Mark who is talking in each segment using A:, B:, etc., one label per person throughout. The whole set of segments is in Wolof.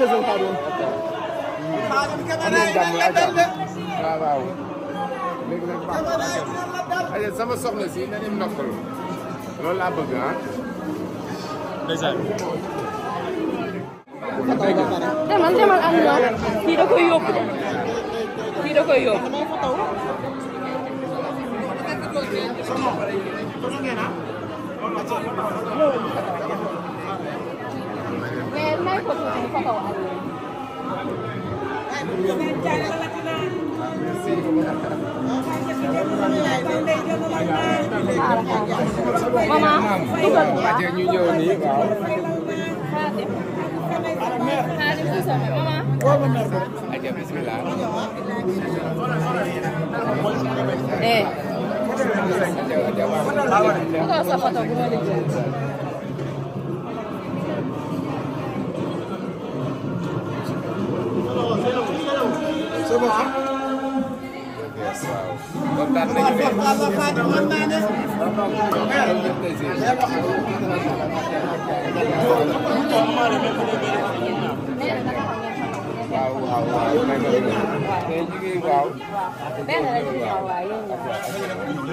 A: jësal Xaadim. Xaadim caméra yi dañ la dal de. waaw waaw. léegi nag baax sama soxna si na leen noppalu. loolu laa bëgg ah. ndeysaan. demal demal am na kii da koy yóbbu de kii da koy yóbbu. Naiko tu tumepata wahali. Mama, dugal bu baax. ñu ñëw nii waaw. Xaadim su sama mama. Aja bismillah. Eh. Dugal sa photo bu ma la jël. c'est bon ah. yes waaw. kontaan nañu de. waaw waaw waaw. tey ñu ngi waaw.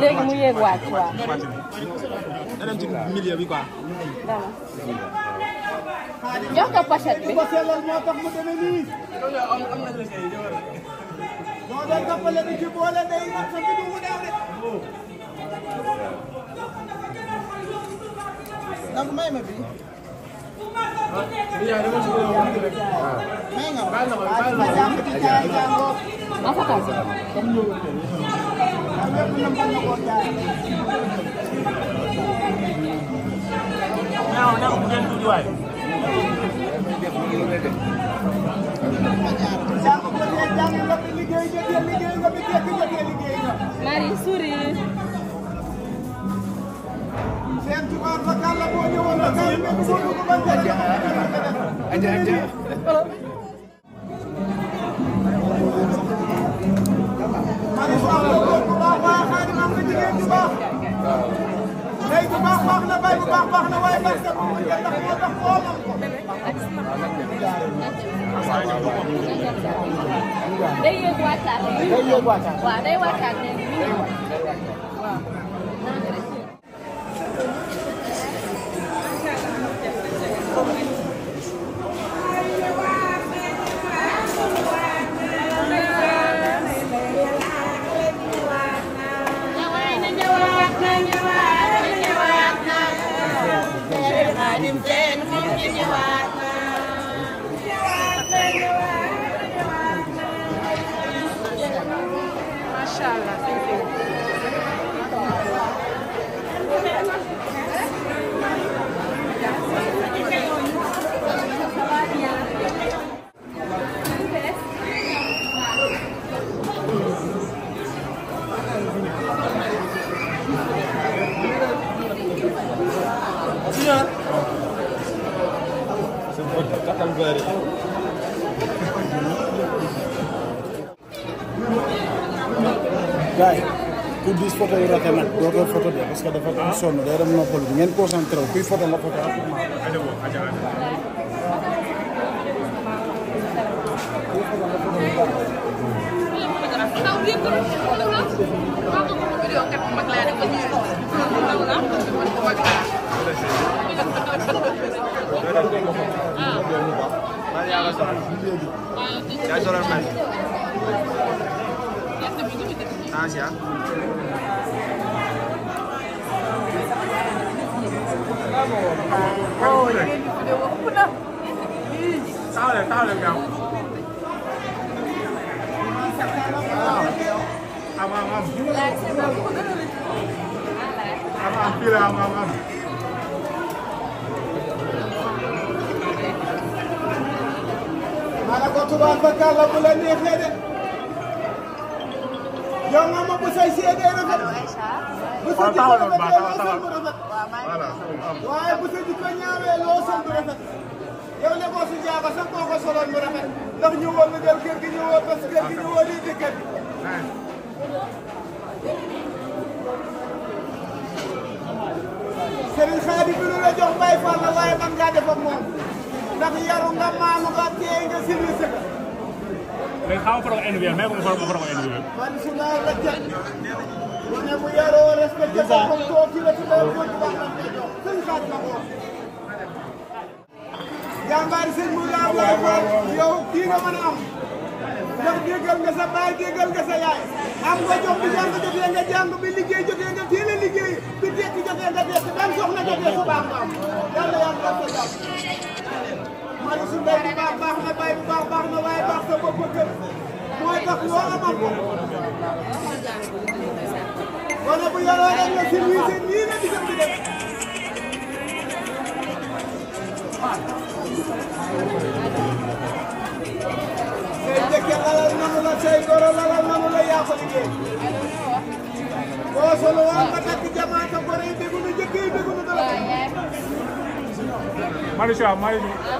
B: léegi mu yéeg wàcc waaw.
A: da dem ci milieu bi quoi. jox ko pochette bi. moo doon toppale bi ci boole day nag sa bidu mu deew de donc may ma bi may nga ma fa kaasa Now, now, we're going to do it. Marie sourire. Seen tubaab ba kàlla boo ñëwoon ba kàlla mais bu ko bañ a jëf. Aja aja. Marie su am na góor bu baax waaye xaadim am na jigéen bu baax. Ndey bu baax baax na bay bu baax baax na waaye barke bu mu jënd ak moo tax xoolal. day yóbbu waxtaan day yóbbu waxtaan waaw day waxtaan ne waaw Him then, home in your heart. Inshallah. Thank you. ku dis photo yi rafet nag dootoo photo de parce que dafa am sonn day dem noppalu bi ngeen concentré wu kuy photo nga photo rapidement Ah. Asia. Oh, sao được sao được không? Am am am. Am am pila am am am. Mana ko tubaab ba kàlla bu la neexee de. yow nga bu say see day bu sa jikko rafetee loo sol bu rafet. bu sa jikko bu rafet. yow ne ko su jaaba bu rafet ndax ñu woo nga jël kër gi ñu woo bés kër gi ñu woo lii di kër gi.
B: Serigne Khady bi
A: la jox waaye man ngaa def moom ndax yaru nga maanu nga teey nga civilisé léegi xaaral ma faral ko indi weer même ma faral ma faral ko indi weer. man su ma la jënd. bu ne bu yaroo respecté ko comme koo kii la ci doon ko ci wax lan lay jox. sëñ Fatou ma ko. jàmbaar sëñ mu laa laay faal yow kii nga mën a am. ndax déggal nga sa baay déggal nga sa yaay. am nga jox bi jàng jotee nga jàng bi liggéey jotee nga teel a liggéey bi tekki jotee nga tekki ban soxla jotee su baax nga am yàlla yàlla def ko jàpp. man su mbay bu baax baax na bay bu baax baax na waaye. wala bu yàlla def nga service nii la diggante di def. say jëkke lalal nanu la say goro lalal nanu la yaa ko liggéey. boo solo waa nga takk jamaata goro yi déglu jëkke yi déglu dara. Maricha Maricha.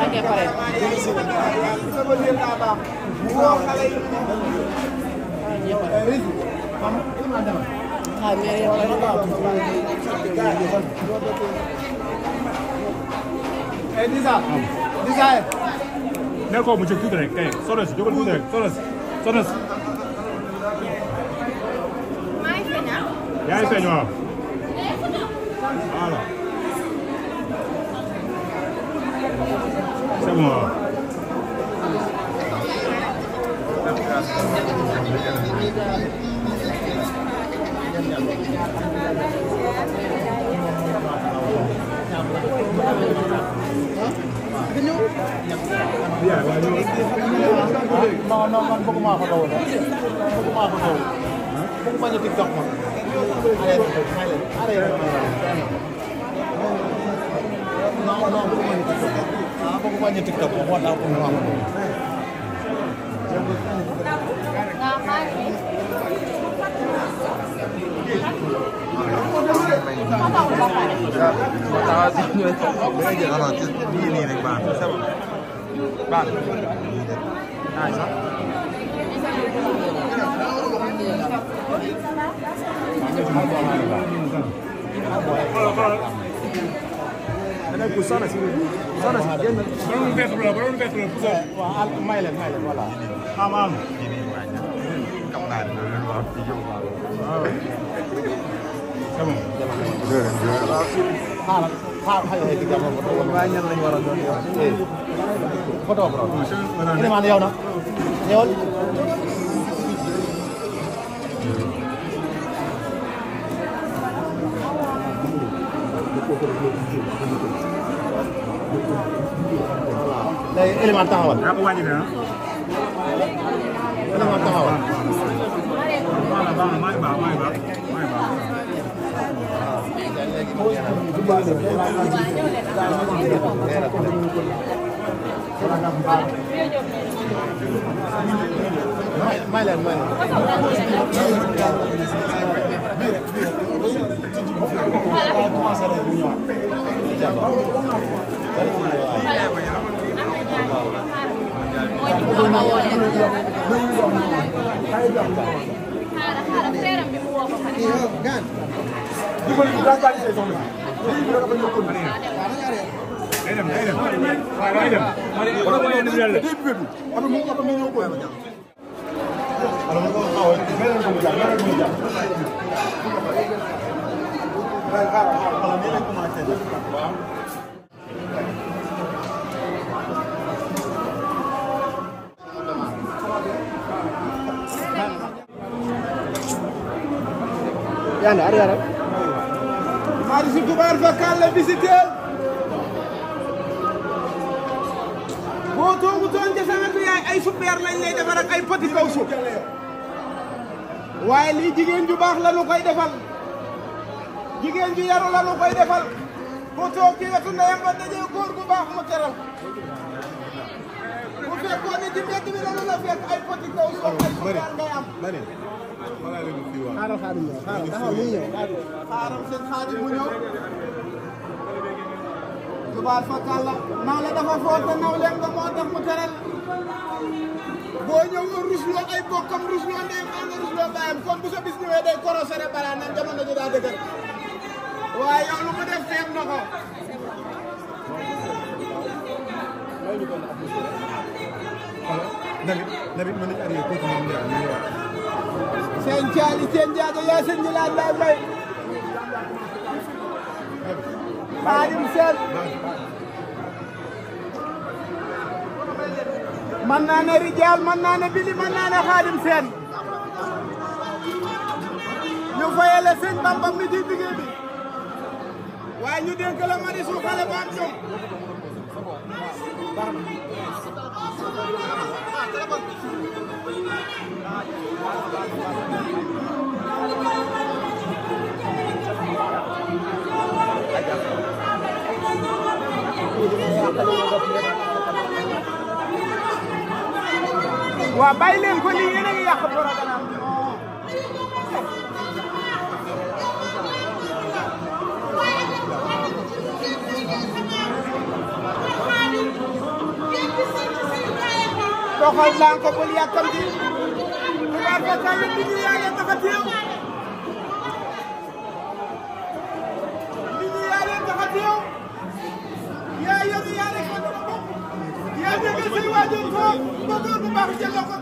A: ok pare. ah mais eh Disa. Disa ye. ne ko mu ci tuuti rek kay solos jógal tuuti rek solos solos. yaa ngi feeñ waaw. voilà. non non man bëgguma ko dawal bëgguma ko dawal bëgguma ñu tiktok man Pokoknya TikTok, mau tahu pun mau. Kalau kalau dana ko soxna si soxna si génn borom bett la borom bett la pousa waaw may leen may leen voilà am am kam naa ne yow waaw sama war a doon yow na day élément taxawal. daa ko wàññi dara. élément taxawal. may leen may leen Jangan ada, ada. Marichou Toubar Fakal la visiteel boo toogu toon ca yaay ay super lañ lay defal ak ay petit kaw waaye lii jigéen ju baax la koy defal jigéen ju yaru koy defal boo toog ci wetu ndeyam ba dajee góor gu mu teral bu fekkoon ne ci mbedd la fekk ay petit kaw suuf ay super ngay am xaaral xaaral ñëw xaaral xaaral muy ñëw xaaral seen xaaral mu ñëw tubaab fakal la nawle dafa foote nawleem nga moo tax mu teral boo ñëw nga rusloo ay bokkam rusloo ndeyam am nga rusloo baayam kon bu sa bis ñëwee day korosere balaa nag jamono ji daa dëgër waaye yow lu mu def feem na ko Nabi Nabi mën nañu arrivé continuer ñu ñëwaat seen caali yaa seen ñi may Xaadim Seen mën naa ne Rijaal mën naa Bili mën naa Xaadim Seen ñu fayale seen bambam mi ci liggéey bi waaye ñu dénk la Marichou xale waa bàyyi leen ko lii yéen a ngi yàq programme doxal naa ko bul yàkkamti tubaab ba kàlla nit ñi yaa leen tax a teew nit ñi yaa leen tax a teew yaa yor yaa leen ko doon bokk yaa nekkal say waajur foofu ba góor bu baax jëloo ko